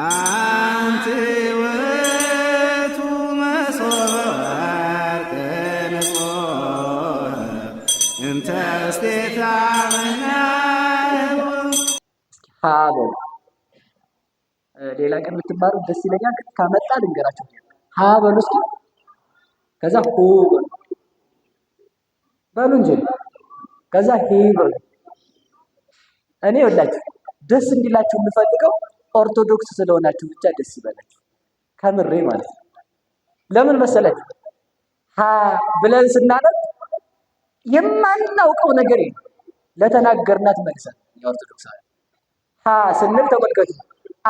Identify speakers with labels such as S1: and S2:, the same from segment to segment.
S1: አንቲ ውእቱ መሶበ ወርቅ እንተ እስቴታ
S2: ሌላ ቀን ብትማሩ ደስ ይለኛል። ካመጣ ልንገራቸው። ሀበሉ እስኪ ከዛ ሆ በሉ እንጂ ከዛ ሄ በሉ። እኔ ወላችሁ ደስ እንዲላችሁ የምፈልገው ኦርቶዶክስ ስለሆናችሁ ብቻ ደስ ይበላችሁ። ከምሬ ማለት ነው። ለምን መሰላችሁ? ሀ ብለን ስናነብ የማናውቀው ነገር የለም። ለተናገርናት መልሰን የኦርቶዶክስ ሀ ስንል ተመልከቱ፣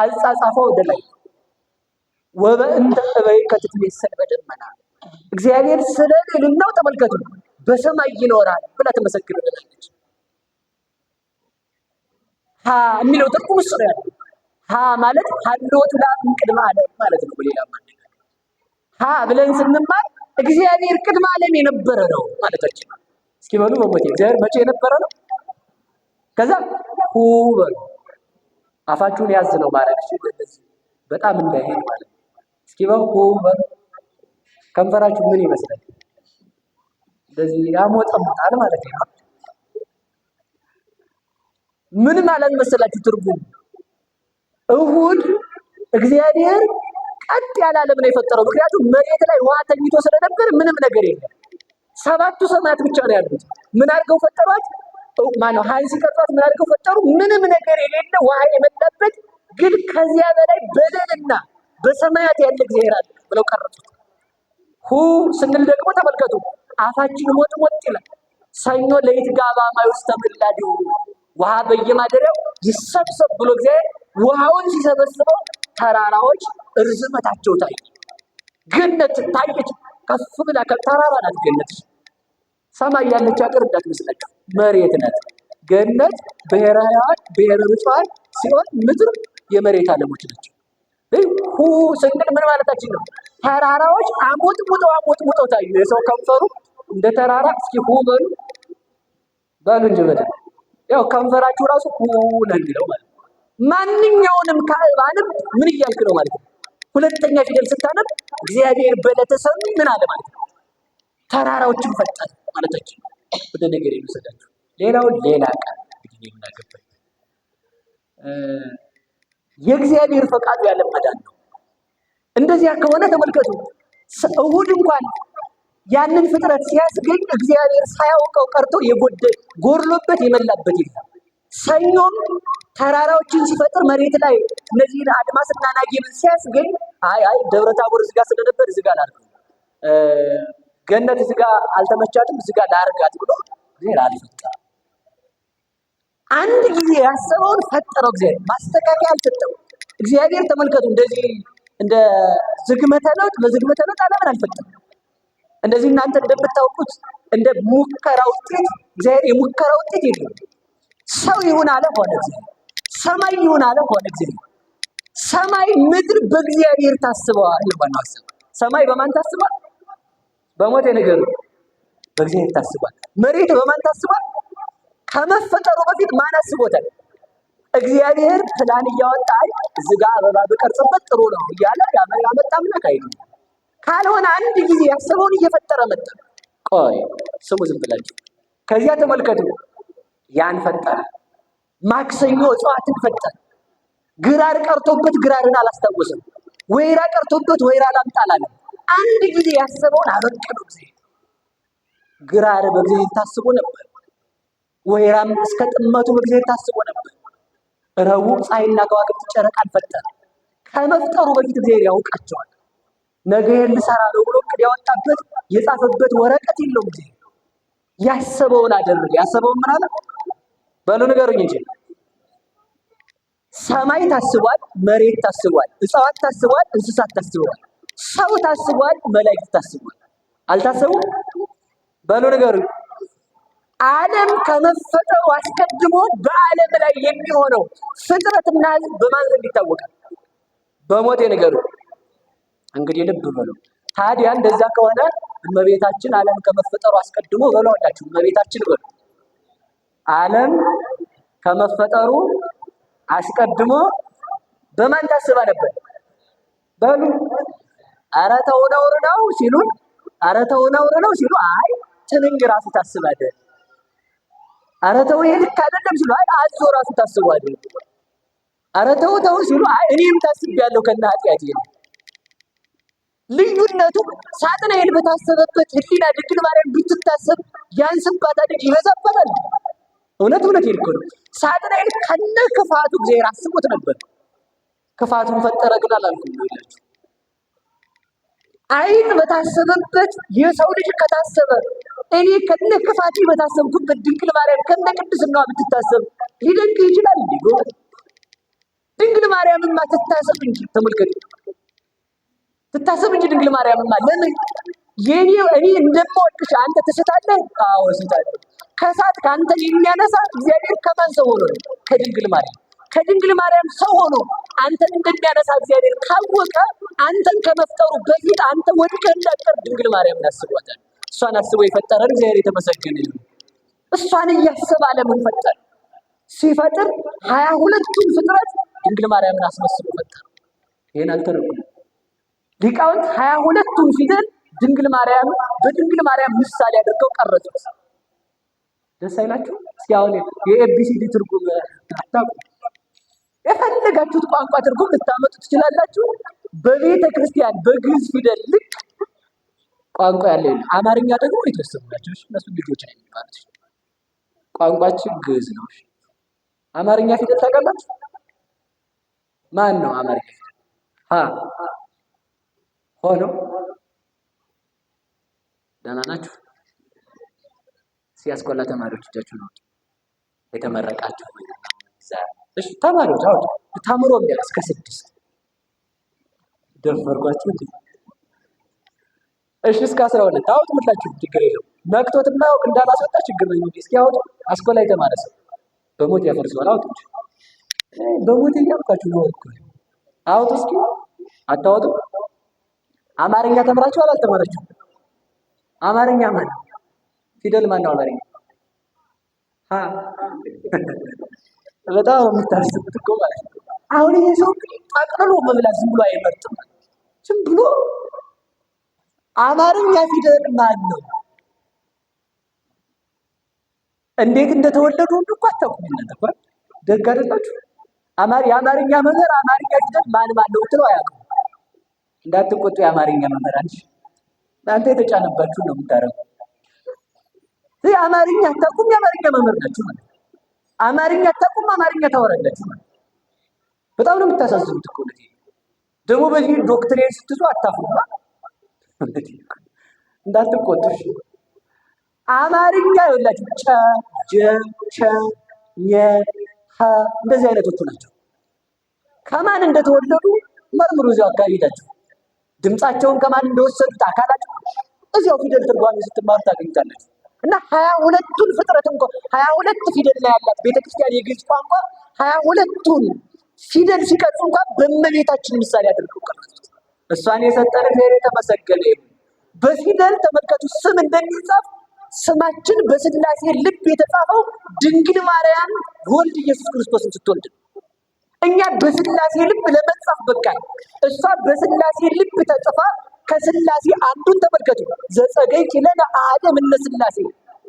S2: አጻጻፏ ወደ ላይ ወበእንተ እበይከትት ይሰል በደመና እግዚአብሔር ስለ ልዕልናው ተመልከቱ በሰማይ ይኖራል ብላ ትመሰክርልናለች። ሀ የሚለው ትርጉም እሱ ነው ያለው ሀ ማለት ሀልወት ለአብ ቅድመ ዓለም ማለት ነው። በሌላ ማለት ሀ ብለን ስንማር እግዚአብሔር ቅድመ ዓለም የነበረ ነው ማለታችን ነው። እስኪ በሉ በሞቴ እግዚአብሔር መቼ የነበረ ነው? ከዛ ሁ በሉ አፋችሁን ያዝ ነው ማለት እሺ፣ በጣም እንዳይሄድ ማለት ነው። እስኪ በሉ ሁ በሉ ከንፈራችሁ ምን ይመስላል? እንደዚህ ያሞጠሙጣል ማለት ነው። ምን ማለት መሰላችሁ ትርጉም እሁድ እግዚአብሔር ቀጥ ያለ ዓለም ነው የፈጠረው። ምክንያቱም መሬት ላይ ውሃ ተኝቶ ስለነበር ምንም ነገር የለም። ሰባቱ ሰማያት ብቻ ነው ያሉት። ምን አድርገው ፈጠሯት? ማነው ሀይ ሲቀጥሯት ምን አድርገው ፈጠሩ? ምንም ነገር የሌለ ውሃ የመጣበት ግን ከዚያ በላይ በደልና በሰማያት ያለ እግዚአብሔር አለ ብለው ቀረጡት። ሁ ስንል ደግሞ ተመልከቱ፣ አፋችን ሞጥ ሞጥ ይላል። ሰኞ ለይት ማይ ውስተ ምልላዲሁ ውሃ በየማደሪያው ይሰብሰብ ብሎ እግዚአብሔር ውሃውን ሲሰበስበው ተራራዎች እርዝመታቸው ታየ። ገነት ታየች። ከፍ ብላ ተራራ ናት ገነት። ሰማይ ያለች ሀገር እንዳትመስላችሁ መሬት ናት። ገነት ብሔረ ብሔረ ብፁዓን ሲሆን ምድር የመሬት አለሞች ናቸው። ሁ ስንል ምን ማለታችን ነው? ተራራዎች አሞጥሙጠው አሞጥሙጠው ታዩ። የሰው ከንፈሩ እንደ ተራራ እስኪ ሁ በሉ በሉ እንጂ በደምብ ያው ከንፈራችሁ ራሱ ነው የሚለው ማለት ነው። ማንኛውንም ከአንብ ምን እያልክ ነው ማለት ነው። ሁለተኛ ፊደል ስታነብ እግዚአብሔር በለተሰብ ምን አለ ማለት ነው። ተራራዎችን ፈጠረ ማለታችን ወደ ነገር የሚሰዳችሁ ሌላው ሌላ ቃል እንግዲህ የምናገባኝ የእግዚአብሔር ፈቃዱ ያለመዳን ነው። እንደዚያ ከሆነ ተመልከቱ እሑድ እንኳን ያንን ፍጥረት ሲያስገኝ እግዚአብሔር ሳያውቀው ቀርቶ የጎደ ጎድሎበት የመላበት የለም። ሰኞም ተራራዎችን ሲፈጥር መሬት ላይ እነዚህን አድማስና ናጌብን ሲያስገኝ አይ አይ ደብረ ታቦር ዝጋ ስለነበር ዝጋ ላርግ፣ ገነት ዝጋ አልተመቻትም፣ ዝጋ ላርጋት ብሎ እግዚአብሔር አልፈጠረም። አንድ ጊዜ ያሰበውን ፈጠረው። እግዚአብሔር ማስተካከያ አልሰጠው። እግዚአብሔር ተመልከቱ፣ እንደዚህ እንደ ዝግመተ ለውጥ በዝግመተ ለውጥ ዓለምን አልፈጠረም። እንደዚህ እናንተ እንደምታውቁት እንደ ሙከራ ውጤት እግዚአብሔር የሙከራ ውጤት የለም። ሰው ይሁን አለ ሆነ፣ ሰማይ ይሁን አለ ሆነ። እግዚአብሔር ሰማይ ምድር በእግዚአብሔር ታስበዋል። ዋና ሀሳብ ሰማይ በማን ታስቧል? በሞቴ ነገር በእግዚአብሔር ታስቧል። መሬት በማን ታስቧል? ከመፈጠሩ በፊት ማን አስቦታል? እግዚአብሔር ፕላን እያወጣ እዚህ ጋር አበባ ብቀርጽበት ጥሩ ነው እያለ ያመጣ አምላክ አይደለም። ካልሆነ አንድ ጊዜ ያሰበውን እየፈጠረ መጣ። ቆይ ስሙ ዝም ብላችሁ። ከዚያ ተመልከቱ፣ ያን ፈጠረ። ማክሰኞ እጽዋትን ፈጠረ። ግራር ቀርቶበት ግራርን አላስታወሰም። ወይራ ቀርቶበት ወይራ ላምጣላለ። አንድ ጊዜ ያሰበውን አበቀሉ። ጊዜ ግራር በጊዜ ታስቦ ነበር። ወይራም እስከ ጥመቱ በጊዜ ታስቦ ነበር። ረቡዕ ፀሐይና ከዋክብት ጨረቃን ፈጠረ። ከመፍጠሩ በፊት እግዚአብሔር ያውቃቸዋል። ነገ ልሰራ ነው ብሎ እቅድ ያወጣበት የጻፈበት ወረቀት የለው ጊዜ ያሰበውን አደረገ። ያሰበውን ምን አለ በሉ ንገሩኝ እንጂ ሰማይ ታስቧል፣ መሬት ታስቧል፣ እጽዋት ታስቧል፣ እንስሳት ታስበዋል፣ ሰው ታስቧል፣ መላእክት ታስቧል። አልታሰቡም? በሉ ንገሩኝ። ዓለም ከመፈጠሩ አስቀድሞ በዓለም ላይ የሚሆነው ፍጥረትና ሕዝብ በማን ዘንድ ይታወቃል? በሞቴ ንገሩኝ። እንግዲህ ልብ በሉ። ታዲያ እንደዛ ከሆነ እመቤታችን ዓለም ከመፈጠሩ አስቀድሞ በለዋላችሁ እመቤታችን በሉ ዓለም ከመፈጠሩ አስቀድሞ በማን ታስባ ነበር? በሉ ኧረ ተው ነውር ነው ሲሉን፣ ኧረ ተው ነውር ነው ሲሉ፣ አይ ትንኝ ራሱ ታስባለ። ኧረ ተው ይሄ ልክ አይደለም ሲሉ፣ አይ አዞ ራሱ ታስቧል። ኧረ ተው ተው ሲሉ፣ አይ እኔም ታስቤያለሁ ከነ ኃጢአቴ ነው ልዩነቱ ሳጥናኤል በታሰበበት ህሊና ድንግል ማርያም ብትታሰብ ያንስባታል እንጂ ይበዛባታል። እውነት እውነት ይልኮ ነው። ሳጥናኤል ከነ ክፋቱ እግዚአብሔር አስቦት ነበር። ክፋቱን ፈጠረ ግን አላልኩም ነው ይላችሁ። በታሰበበት የሰው ልጅ ከታሰበ እኔ ከነ ክፋቱ በታሰብኩበት ድንግል ማርያም ከነ ቅድስናዋ ብትታሰብ ሊደንቅ ይችላል እንዴ? ድንግል ማርያምማ ትታሰብ እንጂ ተመልከቱ። ትታሰብ እንጂ ድንግል ማርያምማ ለምን የኔ እኔ እንደምወድሽ አንተ ትስታለህ? አዎ ስታለህ። ከእሳት ከአንተ የሚያነሳ እግዚአብሔር ከማን ሰው ሆኖ ነው? ከድንግል ማርያም ከድንግል ማርያም ሰው ሆኖ አንተን እንደሚያነሳ እግዚአብሔር ካወቀ አንተን ከመፍጠሩ በፊት አንተ ወድቀህ እንዳቀር ድንግል ማርያምን አስቧታል። እሷን አስቦ የፈጠረን እግዚአብሔር የተመሰገነ ይሁን። እሷን እያሰበ ዓለምን ፈጠረ። ሲፈጥር ሀያ ሁለቱን ፍጥረት ድንግል ማርያምን አስመስሎ ፈጠረ። ይህን አልተረጉም ሊቃውንት ሀያ ሁለቱን ፊደል ድንግል ማርያም በድንግል ማርያም ምሳሌ አድርገው ቀረጹት። ደስ አይላችሁ? እስኪ አሁን የኤቢሲዲ ትርጉም አታውቁም። የፈለጋችሁት ቋንቋ ትርጉም ልታመጡ ትችላላችሁ። በቤተ ክርስቲያን በግዕዝ ፊደል ልክ ቋንቋ ያለ አማርኛ ደግሞ የተወሰኑ ናቸው። እነሱ ልጆች ነው የሚባሉት። ቋንቋችን ግዕዝ ነው። አማርኛ ፊደል ታውቃላችሁ? ማን ነው አማርኛ ፊደል? ሆኖ ደህና ናችሁ? ሲያስቆላ ተማሪዎች እጃችሁ ነው የተመረቃችሁ እሺ፣ ተማሪዎች አውጡ። ታምሮ ቢያል እስከ ስድስት ደፈርኳችሁ። እሺ፣ እስከ አስራ ሁለት አውጡ። ሁላችሁ ችግር የለው ነቅቶት የማያውቅ እንዳላስወጣ ችግር ነው እንጂ እስኪ አውጡ። አስኮላ የተማረ ሰው በሞት ያፈርሰዋል። አውጡ። በሞት እያልኳችሁ ነው። አውጡ እስኪ አታወጡ አማርኛ ተምራችኋል አልተማራችሁም? አማርኛ ማን ፊደል ማን ነው አማርኛ? ሀ በጣም የምታስቡት እኮ ማለት ነው። አሁን ይሄ ሰው ጠቅልሎ መብላት ዝም ብሎ አይመርጥም። ዝም ብሎ አማርኛ ፊደል ማን ነው? እንዴት እንደተወለዱ ሁሉ እኮ አታውቁም እናንተ እኮ ደግ አይደላችሁ። የአማርኛ መምህር አማርኛ ፊደል ማን ማን ነው ብትለው አያውቅም። እንዳትቆጡ የአማርኛ መምህራን እናንተ የተጫነባችሁ ነው የምታደርጉ። ይህ አማርኛ አታውቁም፣ የአማርኛ መምህር ናችሁ ማለት አማርኛ አታውቁም፣ አማርኛ ታወራላችሁ ማለት በጣም ነው የምታሳዝኑት እኮ እውነቴን ደግሞ በዚህ ዶክትሬን ስትዙ አታፍሩማ። እንዳትቆጡሽ አማርኛ የወላችሁ ጨ፣ ጀ፣ ቸ፣ የ ሀ እንደዚህ አይነቶቹ ናቸው። ከማን እንደተወለዱ መርምሩ እዚያው አካባቢ ሄዳችሁ ድምፃቸውን ከማን እንደወሰዱት አካላቸው እዚያው ፊደል ትርጓሜ ስትማሩ ታገኝታለች። እና ሀያ ሁለቱን ፍጥረት እንኳ ሀያ ሁለት ፊደል ላይ ያላት ቤተክርስቲያን የግዕዝ ቋንቋ ሀያ ሁለቱን ፊደል ሲቀርጹ እንኳ በእመቤታችን ምሳሌ አድርገው ቀረጹት። እሷን የሰጠን ሜር የተመሰገነ ይሁን። በፊደል ተመልከቱ ስም እንደሚጻፍ ስማችን በስላሴ ልብ የተጻፈው ድንግል ማርያም ወልድ ኢየሱስ ክርስቶስን ስትወልድ ነው። እኛ በስላሴ ልብ ለመጻፍ በቃል እሷ በስላሴ ልብ ተጽፋ ከስላሴ አንዱን ተመልከቱ። ዘጸገይ ኪለነ አደም እነ ስላሴ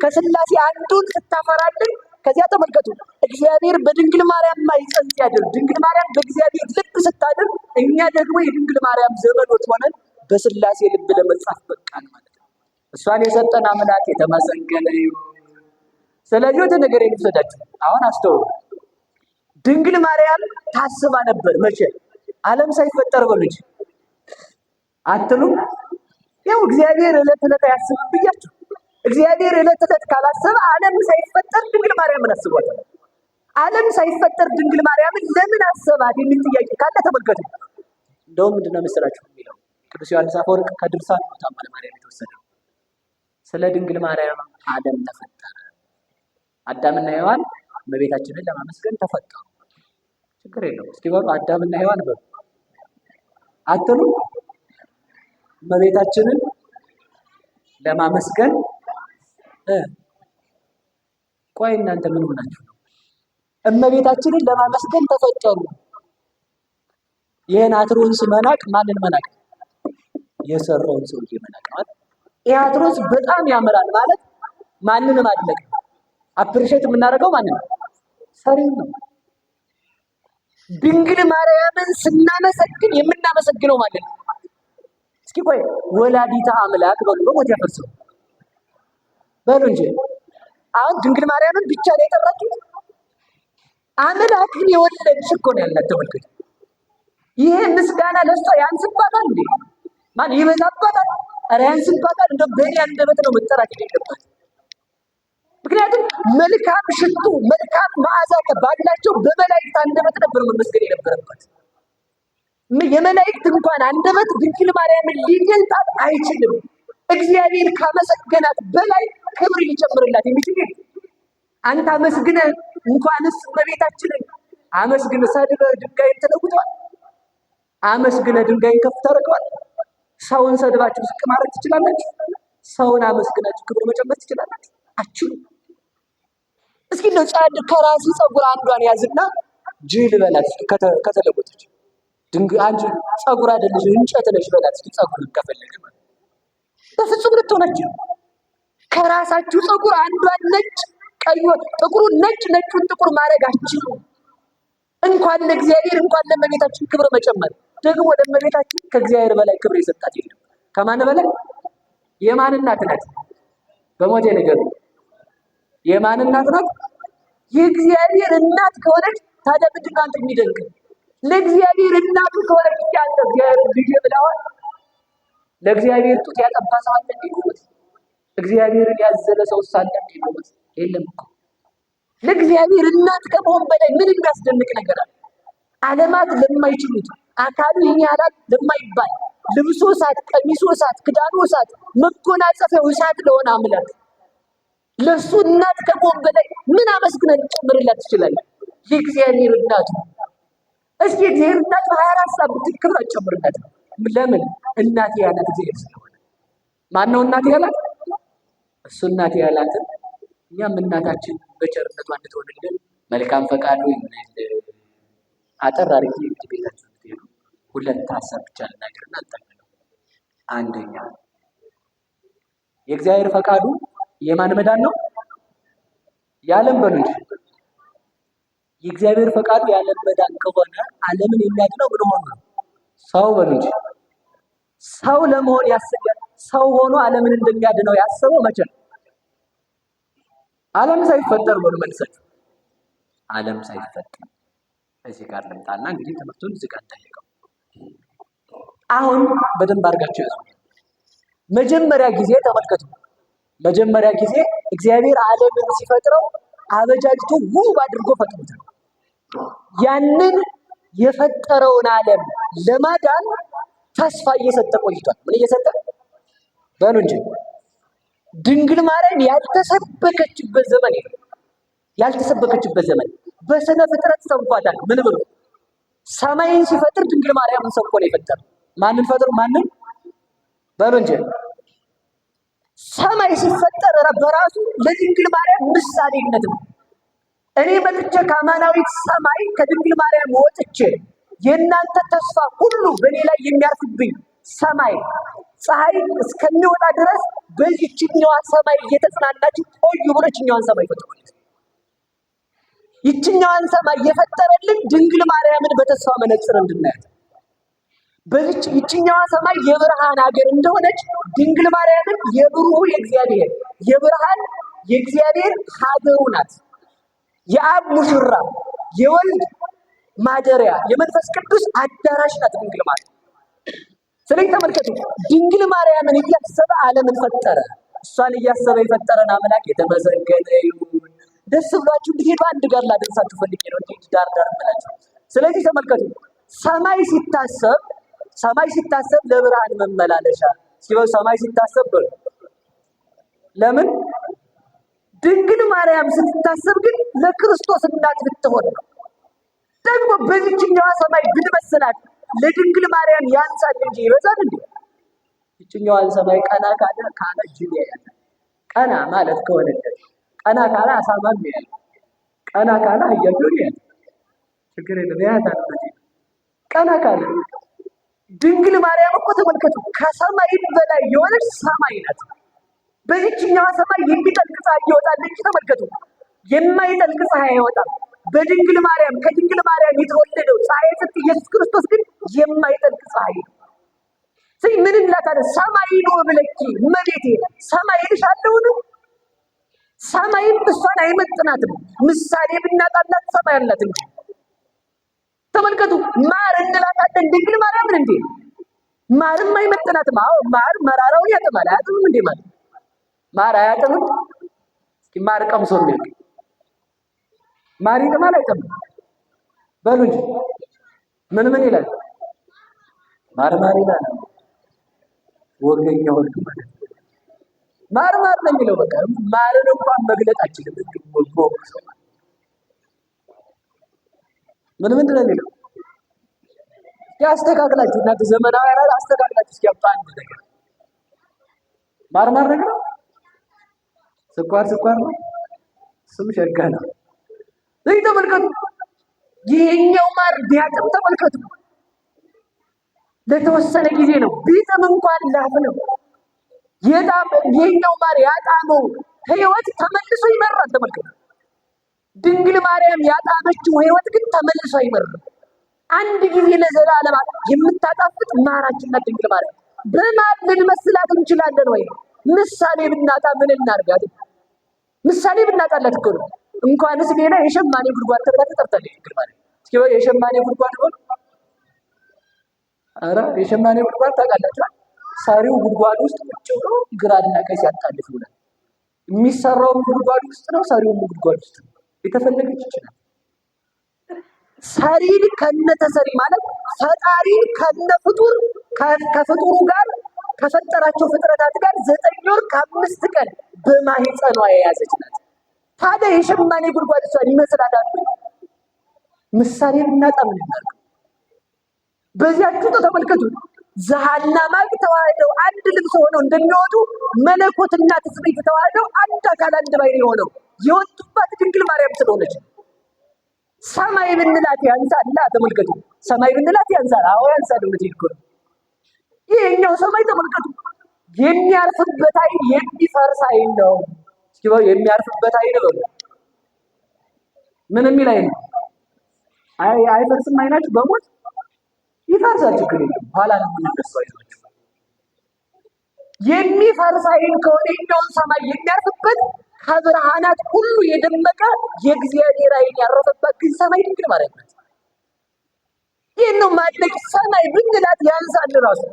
S2: ከስላሴ አንዱን ስታፈራልን ከዚያ ተመልከቱ። እግዚአብሔር በድንግል ማርያም ማይፀን ሲያድር ድንግል ማርያም በእግዚአብሔር ልብ ስታድር፣ እኛ ደግሞ የድንግል ማርያም ዘመዶች ሆነን በስላሴ ልብ ለመጻፍ በቃል ማለት ነው። እሷን የሰጠን አምላክ የተመሰገነ ይሁን። ስለዚህ ወደ ነገር የሚሰዳችሁ አሁን አስተውሉ። ድንግል ማርያም ታስባ ነበር። መቼ ዓለም ሳይፈጠር በልጅ አትሉ? ያው እግዚአብሔር ዕለት ዕለት አያስብም ብያችሁ። እግዚአብሔር ዕለት ዕለት ካላሰበ ዓለም ሳይፈጠር ድንግል ማርያምን አስቧታል። ዓለም ሳይፈጠር ድንግል ማርያምን ለምን አሰባት የሚል ጥያቄ ካለ ተመልከቱ። እንደውም ምንድነው መሰላችሁ የሚለው ቅዱስ ዮሐንስ አፈወርቅ ከድርሳን ቦታ ማርያም የተወሰደው ስለ ድንግል ማርያም ዓለም ተፈጠረ። አዳምና ሔዋን እመቤታችንን ለማመስገን ተፈጠሩ። ችግር የለው። እስቲ በሉ አዳምና ሔዋን በሉ አትሉ። እመቤታችንን ለማመስገን ቆይ እናንተ ምን ሆናችሁ ነው? እመቤታችንን ለማመስገን ተፈጠሩ። ይህን አትሮንስ መናቅ ማንን መናቅ? የሰራውን ሰው መናቅ ማለት ይህ አትሮንስ በጣም ያምራል ማለት ማንን ማድለቅ? አፕሪሼት የምናደርገው ማንን ነው? ሰሪን ነው። ድንግል ማርያምን ስናመሰግን የምናመሰግነው ማለት ነው። እስኪ ቆይ ወላዲታ አምላክ በሉ በሞት ያፈርሰው በሉ እንጂ አሁን ድንግል ማርያምን ብቻ ነው የጠራችሁት? አምላክን የወለደች እኮ ነው ያላት። ተመልከቱ። ይሄ ምስጋና ለሷ ያንስባታል እንዴ? ማን ይበዛባታል? ኧረ ያንስባታል። እንደ በእኔ አንደበት ነው መጠራት የሌለባት ምክንያቱም መልካም ሽቱ መልካም መዓዛ ባላቸው በመላእክት አንደበት ነበር መመስገን የነበረበት። የመላእክት እንኳን አንደበት ድንግል ማርያምን ሊገልጣት አይችልም። እግዚአብሔር ካመሰገናት በላይ ክብር ሊጨምርላት የሚችል አንተ አመስግነ እንኳንስ እመቤታችንን አመስግነ ሰድበ ድንጋይን ተለውጠዋል። አመስግነ ድንጋይን ከፍ ታደርገዋል። ሰውን ሰድባችሁ ዝቅ ማድረግ ትችላላችሁ። ሰውን አመስግናችሁ ክብር መጨመር ትችላላችሁ። አችሉ እስኪ እንደው ጫድ ከራስ ፀጉር አንዷን ያዝና ጅል በላት ከተለወጠች ድንግ አንቺ ፀጉር አይደለሽ እንጨት ነሽ በላት እስኪ ፀጉር ከፈለገ በፍጹም ልትሆነች ከራሳችሁ ፀጉር አንዷን ነጭ ቀዩ ጥቁሩን ነጭ ነጩን ጥቁር ማድረጋችሁ እንኳን ለእግዚአብሔር እንኳን ለእመቤታችን ክብር መጨመር ደግሞ ለእመቤታችን ከእግዚአብሔር በላይ ክብር የሰጣት የለም። ከማን በላይ የማን እናት ናት? በሞቴ ነገር የማን እናት ናት? የእግዚአብሔር እናት ከሆነች ታዲያ ምንድን ነው አንተ የሚደንቅ? ለእግዚአብሔር እናቱ ከሆነች ያለ እግዚአብሔር ልጅ ብለዋል። ለእግዚአብሔር ጡት ያጠባ ሰው አለ እግዚአብሔርን ያዘለ ሰው ሳለ የለም እኮ ለእግዚአብሔር እናት ከመሆን በላይ ምን የሚያስደንቅ ነገር አለ? ለማይችሉት አካሉ ይህን ለማይባል ልብሶ እሳት፣ ቀሚሶ እሳት፣ ክዳኑ እሳት፣ መጎናጸፊያው እሳት ለሆነ አምላክ ለሱ እናት ከቆም በላይ ምን አመስግነን ጨምርላት ትችላለህ? የእግዚአብሔር እናቱ እስኪ እግዚአብሔር እናቱ 24 ሰዓት ብትክብር አጨምርላት። ለምን እናቴ ያላት እግዚአብሔር ስለሆነ። ማን ነው እናቴ ያላት? እሱ እናቴ ያላት። እኛም እናታችን በቸርነቷ እንድትሆንልን መልካም ፈቃዱ ይሁንልን። አጠር አድርጌ እንግዲህ ቤታችሁ ሄዱ ሁለት ሀሳብ ብቻ ልናገርና እንጠቅልለው። አንደኛ የእግዚአብሔር ፈቃዱ የማን መዳን ነው? የዓለም በሉት። የእግዚአብሔር ፈቃዱ የዓለም መዳን ከሆነ ዓለምን የሚያድነው ምን ሆኖ ነው? ሰው በሉት። ሰው ለመሆን ያሰገ ሰው ሆኖ ዓለምን እንደሚያድነው ያሰበው መቼ ነው? ዓለም ሳይፈጠር በሉ መልሰት ዓለም ሳይፈጠር እዚህ ጋር ልምጣና እንግዲህ ትምህርቱን እዚህ ጋር እንጠይቀው። አሁን በደንብ አድርጋቸው ያዙ። መጀመሪያ ጊዜ ተመልከቱ መጀመሪያ ጊዜ እግዚአብሔር ዓለምን ሲፈጥረው አበጃጅቶ ውብ አድርጎ ፈጥሮታል። ያንን የፈጠረውን ዓለም ለማዳን ተስፋ እየሰጠ ቆይቷል። ምን እየሰጠ በኑ እንጂ ድንግል ማርያም ያልተሰበከችበት ዘመን ያልተሰበከችበት ዘመን በስነ ፍጥረት ሰብኳታል። ምን ብሎ ሰማይን ሲፈጥር ድንግል ማርያምን ሰብኮ ነው የፈጠረው። ማንን ፈጥሮ ማንን በሉ እንጂ ሰማይ ሲፈጠር በራሱ ለድንግል ማርያም ምሳሌነት ነው። እኔ መጥቼ ከአማናዊት ሰማይ ከድንግል ማርያም ወጥቼ የእናንተ ተስፋ ሁሉ በእኔ ላይ የሚያርፍብኝ ሰማይ ፀሐይ እስከሚወጣ ድረስ በዚችኛዋ ሰማይ እየተጽናናችሁ ቆዩ ብሎ ይችኛዋን ሰማይ ፈጥሯል። ይችኛዋን ሰማይ የፈጠረልን ድንግል ማርያምን በተስፋ መነጽር እንድናያት በዚች ይችኛዋ ሰማይ የብርሃን ሀገር እንደሆነች ድንግል ማርያምን የብሩሁ የእግዚአብሔር የብርሃን የእግዚአብሔር ሀገሩ ናት። የአብ ሙሽራ፣ የወልድ ማደሪያ፣ የመንፈስ ቅዱስ አዳራሽ ናት ድንግል ማርያም። ስለዚህ ተመልከቱ፣ ድንግል ማርያምን እያሰበ ዓለምን ፈጠረ። እሷን እያሰበ የፈጠረን አምላክ የተመሰገነ ይሁን። ደስ ብሏችሁ እንዲሄዱ አንድ ጋር ላደርሳችሁ ፈልጌ ነው እንጂ ዳር ዳር ብላችሁ። ስለዚህ ተመልከቱ፣ ሰማይ ሲታሰብ ሰማይ ሲታሰብ ለብርሃን መመላለሻ ሲበው ሰማይ ሲታሰብ ብር ለምን ድንግል ማርያም ስትታሰብ ግን ለክርስቶስ እናት ብትሆን ነው። ደግሞ በዚችኛዋ ሰማይ ብንመስላት ለድንግል ማርያም ያንሳል እንጂ ይበዛል እንዴ? ይችኛዋን ሰማይ ቀና ካለ ካለ ጅብ ያያል። ቀና ማለት ከሆነ ቀና ካለ አሳማም ያያል። ቀና ካለ አያጆን ያያል። ችግር የለም ያያታል። ቀና ካለ ድንግል ማርያም እኮ ተመልከቱ ከሰማይ በላይ የሆነች ሰማይ ናት። በዚችኛዋ ሰማይ የሚጠልቅ ፀሐይ ይወጣል እንጂ ተመልከቱ የማይጠልቅ ፀሐይ አይወጣም። በድንግል ማርያም ከድንግል ማርያም የተወለደው ፀሐይ ጽድቅ ኢየሱስ ክርስቶስ ግን የማይጠልቅ ፀሐይ ነው። ስለዚህ ምን እንላታለ? ሰማይ ነው ብለኪ መቤቴ ሰማይ ልሻለውን ሰማይም እሷን አይመጥናትም። ምሳሌ ብናጣላት ሰማይ አላት እንጂ ተመልከቱ። ማር እንላታለን ድንግል ማርያምን እንዴ! ማርም አይመጥናትም። አዎ ማር መራራውን ያጠማል። አያጥምም እንዴ ማለት ማር አያጥምም። እስኪ ማር ቀምሶ የሚል ማር ይጥማል አይጥምም? በሉ እንጂ ምን ምን ይላል? ማር ማር ይላል። ወገኛ ወርድ ማለት ማር ማር ነው የሚለው በቃ ማርን እንኳን መግለጥ አችልም። እንግዲህ ወርድ ሰው ምን ምንድን ነው የሚለው ያስተካክላችሁ እናንተ ዘመናዊ አራ አስተካክላችሁ እስኪ አንድ ነገር ማርማር ነገር ስኳር ስኳር ነው ስም ሸጋ ነው። ዘይ ተመልከቱ፣ ይሄኛው ማር ቢያጥም ተመልከቱ፣ ለተወሰነ ጊዜ ነው ቢጥም እንኳን ላፍ ነው። ይሄኛው ማር ያጣመው ህይወት ተመልሶ ይመራል። ተመልከቱ ድንግል ማርያም ያጣመችው ህይወት ግን ተመልሶ አይመርም። አንድ ጊዜ ለዘላለም የምታጣፍጥ ማራችና ድንግል ማርያም በማን ልንመስላት እንችላለን? ወይ ምሳሌ ብናጣ ምን እናድርጋት? ምሳሌ ብናጣላት እኮ ነው እንኳንስ ሌላ የሸማኔ ጉድጓድ ተብላ ተጠርታለች ድንግል ማርያም። የሸማኔ ጉድጓድ ሆን አረ የሸማኔ ጉድጓድ ታውቃላችሁ? ሰሪው ጉድጓድ ውስጥ ቁጭ ብሎ ግራና ቀኝ ሲያጣልፍ ይውላል። የሚሰራውም ጉድጓድ ውስጥ ነው፣ ሰሪውም ጉድጓድ ውስጥ ነው። የተፈለገች ይችላል። ሰሪን ከነ ተሰሪ ማለት ፈጣሪን ከነ ፍጡር ከፍጡሩ ጋር ከፈጠራቸው ፍጥረታት ጋር ዘጠኝ ወር ከአምስት ቀን በማህፀኗ የያዘች ናት። ታዲያ የሸማኔ ጉድጓድ እሷን ይመስላል አሉ። ምሳሌ ብናጣም እናርግ። በዚያችሁ ተመልከቱ። ዛሃና ማግ ተዋህደው አንድ ልብስ ሆነው እንደሚወጡ መለኮትና ትስብእት ተዋህደው አንድ አካል አንድ ባይ የሆነው የወጡባት ድንግል ማርያም ስለሆነች ሰማይ ብንላት ያንሳል። ተመልከቱ፣ ሰማይ ብንላት ያንሳል። አዎ ያንሳል። እንግዲህ እኮ ይሄኛው ሰማይ ተመልከቱ፣ የሚያርፍበት አይን የሚፈርስ አይን ነው። እስኪ የሚያርፍበት አይን ነው። ምን የሚል አይን ነው? አይ አይፈርስም። አይናችሁ በሞት ይፈርሳል። ችግር የለም። ኋላ ነው የምናነሳው። አይዟችሁ። የሚፈርስ አይን ከሆነ ይሄኛውን ሰማይ የሚያርፍበት ከብርሃናት ሁሉ የደመቀ የእግዚአብሔር ዓይን ያረፈባት ግን ሰማይ ድንግል ማርያም ናት። ይህን ነው ማድነቅ። ሰማይ ብንላት ያንሳል ራሱ።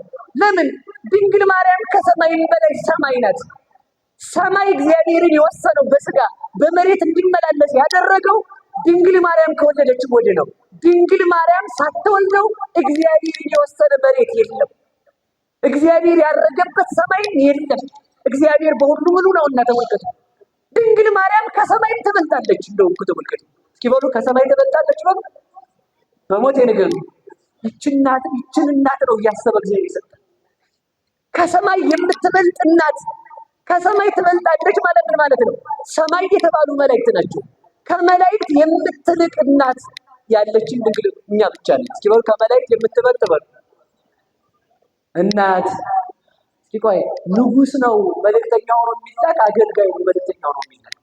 S2: ለምን ድንግል ማርያም ከሰማይም በላይ ሰማይ ናት። ሰማይ እግዚአብሔርን የወሰነው በስጋ በመሬት እንዲመላለስ ያደረገው ድንግል ማርያም ከወለደች ወደ ነው። ድንግል ማርያም ሳትወልደው እግዚአብሔርን የወሰነ መሬት የለም። እግዚአብሔር ያረገበት ሰማይ የለም። እግዚአብሔር በሁሉ ምሉ ነው ተመልከቱ። ድንግል ማርያም ከሰማይም ትበልጣለች። እንደው ከተመልከቱ እስኪ በሉ ከሰማይ ትበልጣለች በሉ በሞቴ ንገሩ። ይችን እናት ይችን እናት ነው እያሰበ እግዚአብሔር ይሰጣል። ከሰማይ የምትበልጥ እናት ከሰማይ ትበልጣለች ማለት ምን ማለት ነው? ሰማይ የተባሉ መላእክት ናቸው። ከመላእክት የምትልቅ እናት ያለችን ድንግል እኛ ብቻ ነን። እስኪ በሉ ከመላእክት የምትበልጥ በሉ እናት ቆይ ንጉስ ነው መልእክተኛ ሆኖ የሚላክ አገልጋይ ነው መልእክተኛ ሆኖ የሚላክ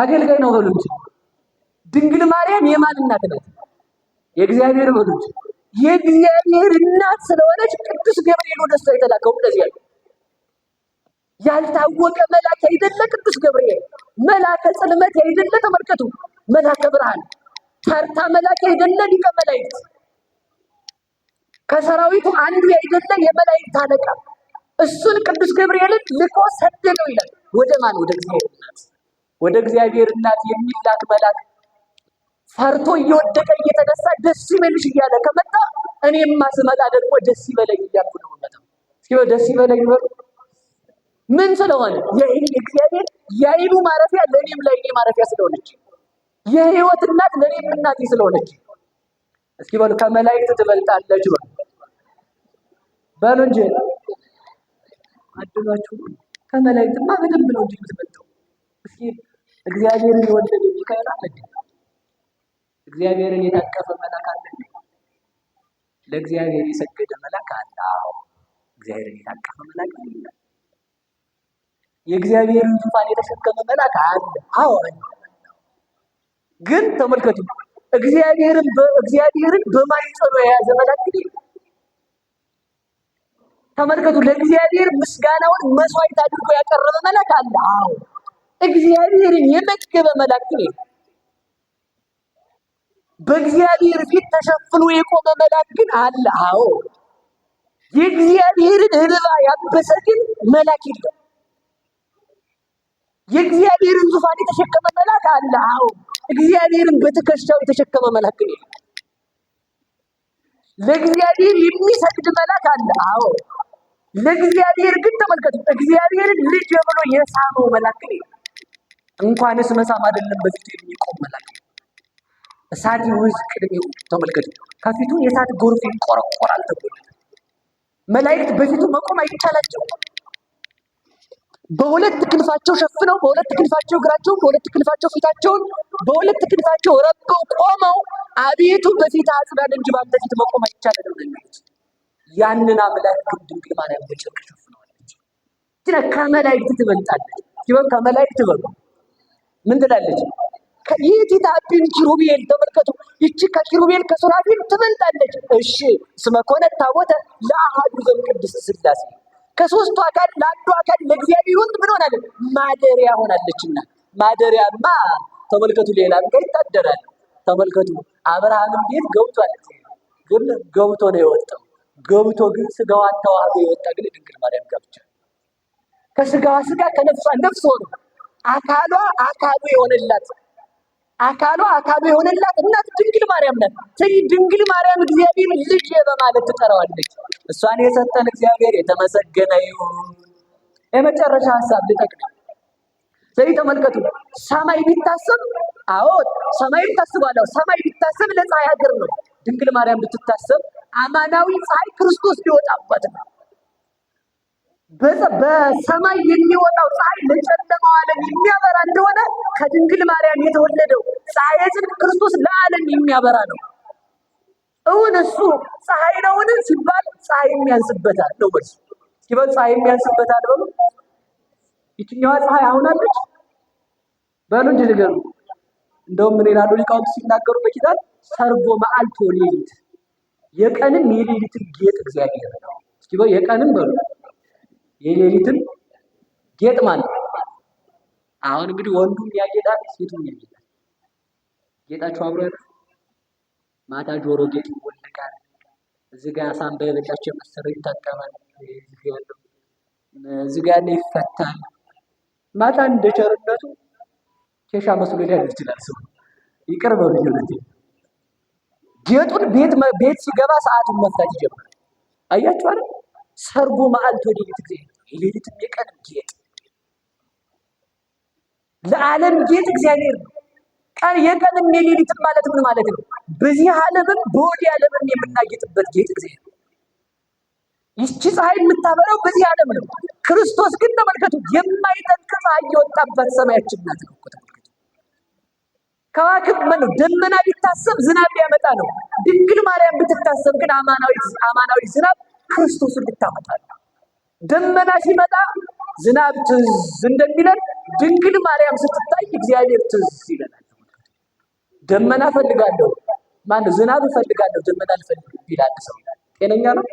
S2: አገልጋይ ነው በሉ እንጂ ድንግል ማርያም የማን እናት ናት የእግዚአብሔር በሉ እንጂ የእግዚአብሔር እናት ስለሆነች ቅዱስ ገብርኤል ወደ እሷ የተላከው እንደዚህ ያለ ያልታወቀ መልአክ አይደለ ቅዱስ ገብርኤል መልአከ ጽልመት አይደለ ተመልከቱ መልአከ ብርሃን ታርታ መልአክ አይደለ ሊቀ መላእክት ከሰራዊቱ አንዱ ያይደለ የመላእክት አለቃ እሱን ቅዱስ ገብርኤልን ልኮ ሰደደው ይላል። ወደ ማን? ወደ እግዚአብሔር እናት። ወደ እግዚአብሔር እናት የሚላክ መልአክ ፈርቶ እየወደቀ እየተነሳ ደስ ይበልሽ እያለ ከመጣ እኔማ ስመጣ ደግሞ ደስ ይበለኝ እያልኩ ነው መጣ። እስኪ ደስ ይበለኝ በሉ ምን ስለሆነ የይህ እግዚአብሔር የአይኑ ማረፊያ ለእኔም ለአይኔ ማረፊያ ስለሆነች የህይወት እናት ለእኔም እናቴ ስለሆነች እስኪ በሉ ከመላእክት ትበልጣለች በሉ በሉ እንጂ አድጋችሁ ከመላእክትማ በደንብ ነው እንጂ የምትበልጠው። እስኪ እግዚአብሔርን የወደደ ሚካኤል አለ እግዚአብሔርን የታቀፈ መልአክ አለ ለእግዚአብሔር የሰገደ መልአክ አለ። እግዚአብሔርን የታቀፈ መልአክ አለ። የእግዚአብሔርን ዙፋን የተሸከመ መልአክ አለ። አዎ አለ። ግን ተመልከቱ፣ እግዚአብሔርን በእግዚአብሔርን በማይጸኑ የያዘ መልአክ ግን ተመልከቱ። ለእግዚአብሔር ምስጋናውን መስዋዕት አድርጎ ያቀረበ መልአክ አለ። አዎ እግዚአብሔርን የመገበ መልአክ ነው። በእግዚአብሔር ፊት ተሸፍኖ የቆመ መልአክ ግን አለ። አዎ የእግዚአብሔርን እንባ ያበሰ ግን መልአክ የለም። የእግዚአብሔርን ዙፋን የተሸከመ መልአክ አለ። አዎ እግዚአብሔርን በትከሻው የተሸከመ መልአክ ነው። ለእግዚአብሔር የሚሰግድ መልአክ አለ። አዎ ለእግዚአብሔር ግን ተመልከቱ፣ እግዚአብሔርን ልጅ ብሎ የሳመው መልአክ እንኳንስ መሳም አይደለም፣ በፊቱ የሚቆም መልአክ እሳት ይውዝ ቅድሜው። ተመልከቱ፣ ከፊቱ የእሳት ጎርፍ ይንቆረቆራል ተብሎ መላእክት በፊቱ መቆም አይቻላቸው። በሁለት ክንፋቸው ሸፍነው፣ በሁለት ክንፋቸው እግራቸውን፣ በሁለት ክንፋቸው ፊታቸውን፣ በሁለት ክንፋቸው ረግበው ቆመው አቤቱ በፊት አጽዳን እንጂ ባንተ ፊት መቆም አይቻለንም ነው የሚሉት። ያንን አምላክ ግን ድንግል ማርያም በጨርቅ ሸፍነዋለች። ከመላእክት ትበልጣለች። ከመላእክት በሉ ምን ትላለች? ታቢን ኪሩቤል ተመልከቱ። ይቺ ከኪሩቤል ከሱራፊል ትበልጣለች። እሺ ስመ ኮነት ታቦተ ለአሃዱ ዘእምቅድስት ከሶስቱ አካል ለአንዱ አካል ለእግዚአብሔር ወንድ ምን ማደሪያ ሆናለችና ማደሪያማ ተመልከቱ። ሌላ ይታደራል። ተመልከቱ ቤት ገብቷል፣ ግን ገብቶ ነው የወጣው ገብቶ ግን ስጋዋ ተዋህዶ የወጣ ግን ድንግል ማርያም ጋብቻ ከስጋዋ ስጋ ከነፍሷ ነፍስ ሆኖ አካሏ አካሉ የሆነላት አካሏ አካሉ የሆነላት እናት ድንግል ማርያም ናት። ስለዚህ ድንግል ማርያም እግዚአብሔር ልጅ በማለት ትጠራዋለች። እሷን የሰጠን እግዚአብሔር የተመሰገነ ይሁን። የመጨረሻ ሀሳብ ልጠቅም። ስለዚህ ተመልከቱ፣ ሰማይ ቢታሰብ አዎ ሰማይ ቢታስባለሁ ሰማይ ቢታሰብ ለፀሐይ ሀገር ነው። ድንግል ማርያም ብትታሰብ አማናዊ ፀሐይ ክርስቶስ ሊወጣበት ነው። በሰማይ የሚወጣው ፀሐይ ለጨለማው ዓለም የሚያበራ እንደሆነ ከድንግል ማርያም የተወለደው ፀሐየ ጽድቅ ክርስቶስ ለዓለም የሚያበራ ነው። እውን እሱ ፀሐይ ነውን ሲባል ፀሐይ የሚያንስበታል ነው መልሱ። ሲበል ፀሐይ የሚያንስበታል በሉ። ይችኛዋ ፀሐይ አሁን አለች በሉ እንጂ ንገሩ። እንደውም ምን ይላሉ ሊቃውንት ሲናገሩ በኪዳን ሰርጎ መዓልቶ ሌሊት የቀንም የሌሊትን ጌጥ እግዚአብሔር ነው። እስኪ በው የቀንም በሉ የሌሊትን ጌጥ ማለት ነው። አሁን እንግዲህ ወንዱም ያጌጣል፣ ሴቱም ያጌጣል። ጌጣቸው አብሮ ማታ ጆሮ ጌጥ ይወለቃል። እዚህ ጋር አሳን የበላቸው የመሰለው ይታጠባል። እዚህ ጋር ያለው እዚህ ጋር ያለው ይፈታል። ማታ እንደ ቸርነቱ ኬሻ መስሎ ሊያደርግ ይችላል። ሰው ይቅር በሉ ይሁን ጌጡን ቤት ቤት ሲገባ ሰዓቱን መፍታት ይጀምራል። አያችሁ አይደል? ሰርጎ መዓልት ወደ ሌሊት ጊዜ የሌሊትም የቀን ጌጥ ለዓለም ጌጥ እግዚአብሔር ነው። ቀን የቀንም የሌሊትም ማለት ምን ማለት ነው? በዚህ ዓለምም በወዲህ ዓለምም የምናጌጥበት ጌጥ እግዚአብሔር ነው። ይቺ ፀሐይ የምታበራው በዚህ ዓለም ነው። ክርስቶስ ግን ተመልከቱ የማይጠልቅ ፀሐይ የወጣባት ሰማያችን ናት ነው ከዋክብ ምነው ደመና ቢታሰብ ዝናብ ያመጣ ነው። ድንግል ማርያም ብትታሰብ ግን አማናዊ ዝናብ ክርስቶስን ልታመጣ ነው። ደመና ሲመጣ ዝናብ ትዝ እንደሚለን ድንግል ማርያም ስትታይ እግዚአብሔር ትዝ ይለናል። ደመና እፈልጋለሁ ማነው ዝናብ እፈልጋለሁ ደመና ልፈልግ ይላል ሰው ጤነኛ ነው?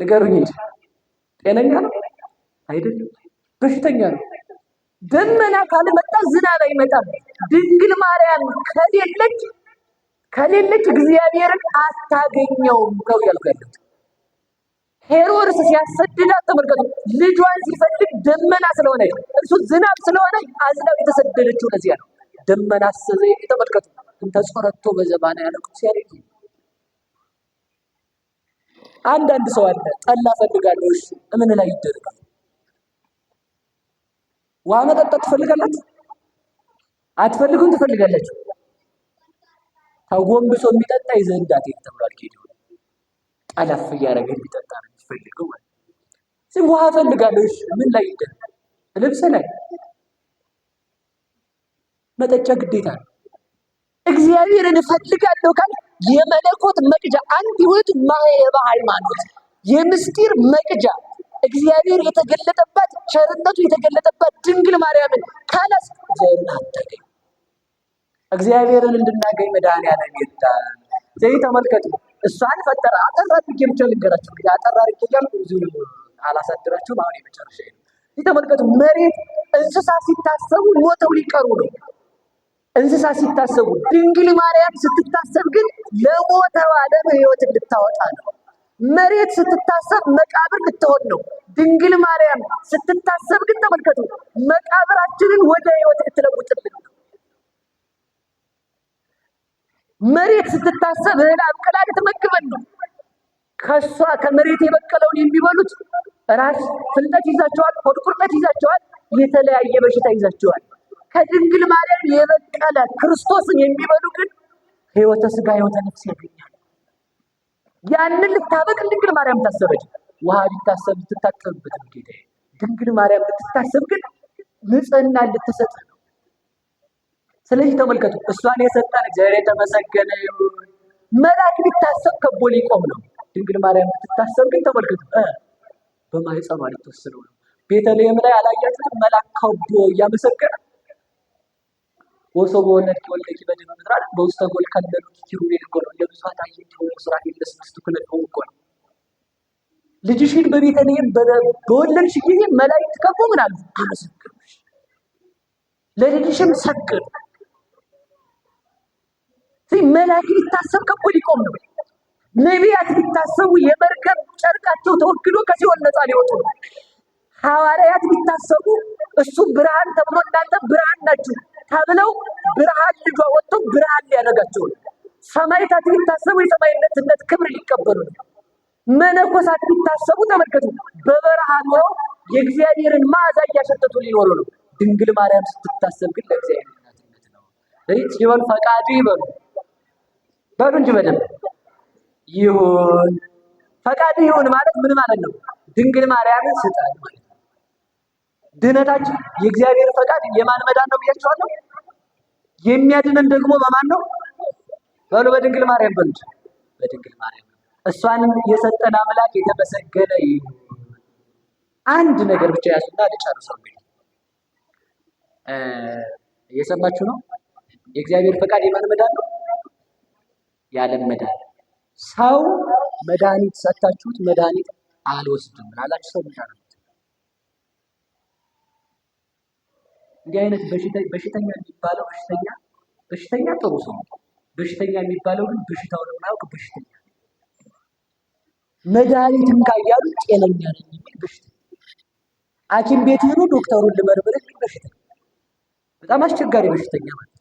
S2: ንገሩኝ እንጂ ጤነኛ ነው አይደለም፣ በሽተኛ ነው። ደመና ካልመጣ ዝናብ አይመጣም። ድንግል ማርያም ከሌለች ከሌለች እግዚአብሔርን አታገኘውም ነው ያልኩ ሄሮድስ ሲያሰድዳት ተመልከቱ። ልጇን ሲፈልግ ደመና ስለሆነ እርሱ ዝናብ ስለሆነ አዝናብ የተሰደደችው ለዚያ ነው። ደመና አሰዘ የተመልከቱ እንተ ጾረቶ በዘባና ያለው ሲያሪቱ አንዳንድ ሰው አለ ጠላ ፈልጋለሁ እሺ እምን ላይ ይደረጋል ውሃ መጠጣት ትፈልጋላችሁ? አትፈልጉም? ትፈልጋላችሁ? ተጎንብሶ የሚጠጣ ይዘንዳት ተብሏል። ጌዲዮን ጠለፍ እያደረገ የሚጠጣ ነው የሚፈልገው ማለት ነው። ውሃ እፈልጋለሁ። ምን ላይ ይደ ልብስ ላይ መጠጫ ግዴታ ነው። እግዚአብሔርን እፈልጋለሁ ካል የመለኮት መቅጃ አንድ ህይወት ሃይማኖት የምስጢር መቅጃ እግዚአብሔር የተገለጠባት ቸርነቱ የተገለጠባት ድንግል ማርያምን ካላስ እግዚአብሔርን እግዚአብሔርን እንድናገኝ መድኃኒዓለም ይርዳል። ስለዚህ ተመልከቱ፣ እሷን ፈጠረ። አጠራ አድርጌ ብቻ ልንገራችሁ። እንግዲህ አጠር አድርጌ እያልኩ ብዙ አላሳድራችሁም። አሁን የመጨረሻ ነው። ተመልከቱ፣ መሬት እንስሳ ሲታሰቡ ሞተው ሊቀሩ ነው። እንስሳ ሲታሰቡ፣ ድንግል ማርያም ስትታሰብ ግን ለሞተው ዓለም ህይወት እንድታወጣ ነው። መሬት ስትታሰብ መቃብር ልትሆን ነው። ድንግል ማርያም ስትታሰብ ግን ተመልከቱ፣ መቃብራችንን ወደ ህይወት ልትለውጥልን ነው። መሬት ስትታሰብ እህል አብቅላ ልትመግበን ነው። ከእሷ ከመሬት የበቀለውን የሚበሉት ራስ ፍልጠት ይዛቸዋል፣ ሆድ ቁርጠት ይዛቸዋል፣ የተለያየ በሽታ ይዛቸዋል። ከድንግል ማርያም የበቀለ ክርስቶስን የሚበሉ ግን ህይወተ ስጋ፣ ህይወተ ነፍስ ያገኛል። ያንን ልታበቅ ድንግል ማርያም ታሰበች። ውሃ ሊታሰብ ልትታጠብበት ጌታ ድንግል ማርያም ልትታሰብ ግን ንጽህና ልትሰጥ ነው። ስለዚህ ተመልከቱ፣ እሷን የሰጠን እግዚአብሔር የተመሰገነ ይሁን። መልአክ ሊታሰብ ከቦ ሊቆም ነው። ድንግል ማርያም ልትታሰብ ግን ተመልከቱ፣ በማህፀኗ ልትወስነው ነው። ቤተልሔም ላይ አላያችሁትም? መልአክ ከቦ እያመሰገነ ወሶ በወለድ ከወለድ ይበድሉ ምድራል በውስተ ጎል ከለሉት ኪሩቤል ጎል ለብዙሃት አየት ሆኖ ስራት የለስምስት ኩለት ሆኖ ጎል ልጅሽን በቤተልሔም በወለድሽ ጊዜ መላእክት ከቦ ምን አሉ አመሰገኑሽ፣ ለልጅሽም ሰግዱ። እዚህ መላእክት ሊታሰብ ከቦ ሊቆም ነው። ነቢያት ሊታሰቡ የመርከብ ጨርቃቸው ተወክሎ ከሲኦል ነፃ ሊወጡ ነው። ሐዋርያት ሊታሰቡ እሱ ብርሃን ተብሎ እናንተ ብርሃን ናችሁ ተብለው ብርሃን ልጇ ወጥቶ ብርሃን ሊያደርጋቸው ነው። ሰማዕታት ቢታሰቡ የሰማዕትነት ክብር ሊቀበሉ ነው። መነኮሳት ቢታሰቡ ተመልከቱ፣ በበረሃ ኖረው የእግዚአብሔርን መዓዛ እያሸተቱ ሊኖሩ ነው። ድንግል ማርያም ስትታሰብ ግን ለእግዚአብሔር እናትነት ነው። ስለዚህ ጽዮን ፈቃዱ ይበሉ በሉ እንጂ በደንብ ይሁን። ፈቃድ ይሁን ማለት ምን ማለት ነው? ድንግል ማርያምን ስጠን ማለት ድህነታችን የእግዚአብሔር ፈቃድ የማን መዳን ነው ብያችኋለሁ። የሚያድነን ደግሞ በማን ነው በሉ? በድንግል ማርያም በሉት። በድንግል ማርያም እሷንም የሰጠን አምላክ የተመሰገነ ይሁን። አንድ ነገር ብቻ ያዙና ልጨርሰው። እንግዲህ እየሰማችሁ ነው። የእግዚአብሔር ፈቃድ የማን መዳን ነው? የዓለም መዳን። ሰው መድኃኒት ሰጥታችሁት መድኃኒት አልወስድም ላላችሁ ሰው መዳን ነው እንዲህ አይነት በሽተኛ የሚባለው በሽተኛ በሽተኛ ጥሩ ሰው በሽተኛ የሚባለው ግን በሽታውን የማያውቅ በሽተኛ፣ መድኃኒትም ካያሉ ጤነኛ ነኝ የሚል በሽተኛ፣ ሐኪም ቤት ሄዶ ዶክተሩን ልመርምር የሚል በሽተኛ፣ በጣም አስቸጋሪ በሽተኛ ማለት